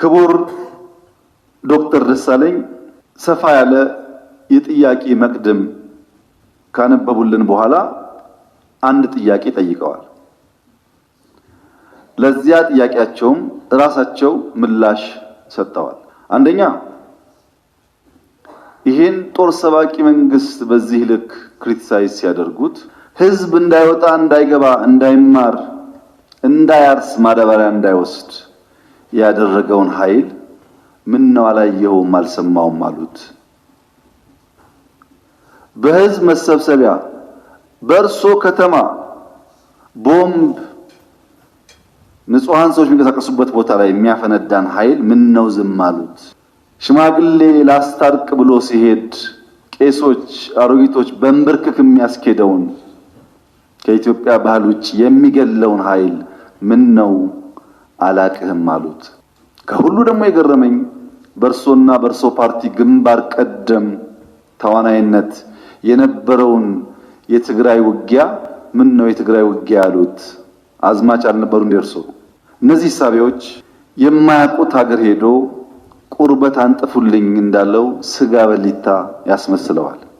ክቡር ዶክተር ደሳለኝ ሰፋ ያለ የጥያቄ መቅድም ካነበቡልን በኋላ አንድ ጥያቄ ጠይቀዋል። ለዚያ ጥያቄያቸውም እራሳቸው ምላሽ ሰጥተዋል። አንደኛ ይህን ጦር ሰባቂ መንግስት በዚህ ልክ ክሪቲሳይዝ ሲያደርጉት ህዝብ እንዳይወጣ፣ እንዳይገባ፣ እንዳይማር፣ እንዳያርስ ማዳበሪያ እንዳይወስድ ያደረገውን ኃይል ምን ነው አላየኸውም አልሰማውም አሉት። በህዝብ መሰብሰቢያ በእርሶ ከተማ ቦምብ ንጹሐን ሰዎች የሚንቀሳቀሱበት ቦታ ላይ የሚያፈነዳን ኃይል ምን ነው ዝም አሉት። ሽማግሌ ላስታርቅ ብሎ ሲሄድ ቄሶች፣ አሮጊቶች በንብርክክ የሚያስኬደውን ከኢትዮጵያ ባህል ውጭ የሚገለውን ኃይል ምን ነው አላቅህም አሉት። ከሁሉ ደግሞ የገረመኝ በእርሶና በእርሶ ፓርቲ ግንባር ቀደም ተዋናይነት የነበረውን የትግራይ ውጊያ ምን ነው የትግራይ ውጊያ ያሉት አዝማች አልነበሩ እንደርሶ? እነዚህ ሳቢዎች የማያውቁት ሀገር ሄዶ ቁርበት አንጥፉልኝ እንዳለው ስጋ በሊታ ያስመስለዋል።